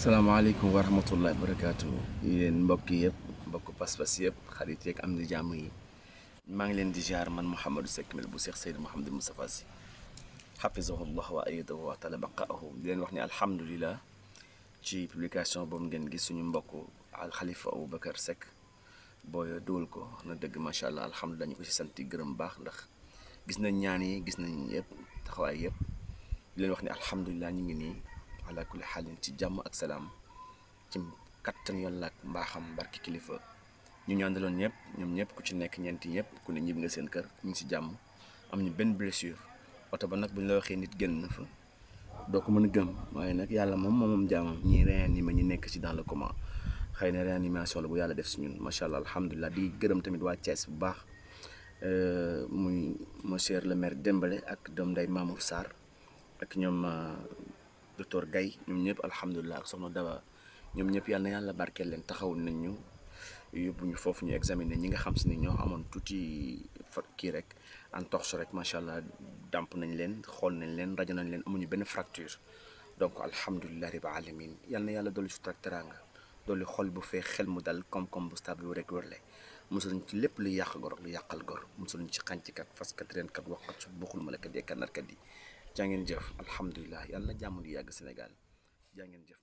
السلام عليكم ورحمة الله وبركاته يين مبكي مبكو باس باس ياب خاليت ياك امدي جامعي مانغ لين دي جار من محمد سكمل بو شيخ سيد محمد المصطفى حفظه الله وايده وطال بقاءه دين وخني الحمد لله تي بوبليكاسيون بوم نين غي سونو مبكو الخليفه ابو بكر سك بويا دولكو انا دغ ما شاء الله الحمد لله نكو سي سانتي غرم باخ ندخ غيسنا نياني غيسنا ياب تخواي ياب دين وخني الحمد لله نيغي ني ala kulli xaalin ci jàmm ak salaam ci kattan yoon ak mbaaxam barki kilifa ñu ñu àndaloon ñëpp ñoom ñëpp ku ci nekk ñeenti ñëpp ku ne ñib nga seen kër ñu ngi si jàmm am ñu benn blessure oto ba nag bu ñu la waxee nit génn na fa doo ko mën a gëm waaye nag yàlla moom moom jaamam ñii réanimé ñi nekk ci dans la coma xëy na animation la bu yàlla def si ñun macha allah alhamdulilah di gërëm tamit waa Thiès bu baax euh, muy monsieur le maire ak doom nday Mamour Sarr ak ñoom euh, docteur Gaye ñoom ñëpp alhamdulilah ak soxna Daba ñoom ñëpp yal na yàlla barkeel leen taxaw nañ ñu yóbbu ñu foofu ñu examiner ñi nga xam si ni ñoo amoon tuuti fa rek entorse rek macha dàmp nañ leen xool nañ leen rajo nañ leen amuñu benn fracture donc alhamdulilah rabbi alamin yal na yàlla dolli sutura ak teraanga dolli xol bu fee xel mu dal koom-koom bu stable bu rek wërle musaluñ ci lépp lu yàq gor lu yàqal gor musaluñ ci xànckat faskat renkat waxkat su bokkul malakat yeekat narkat yi jaa ngeen jëf alhamdulilah yàlla na jàmm di yàgg Sénégal jaa ngeen jëf.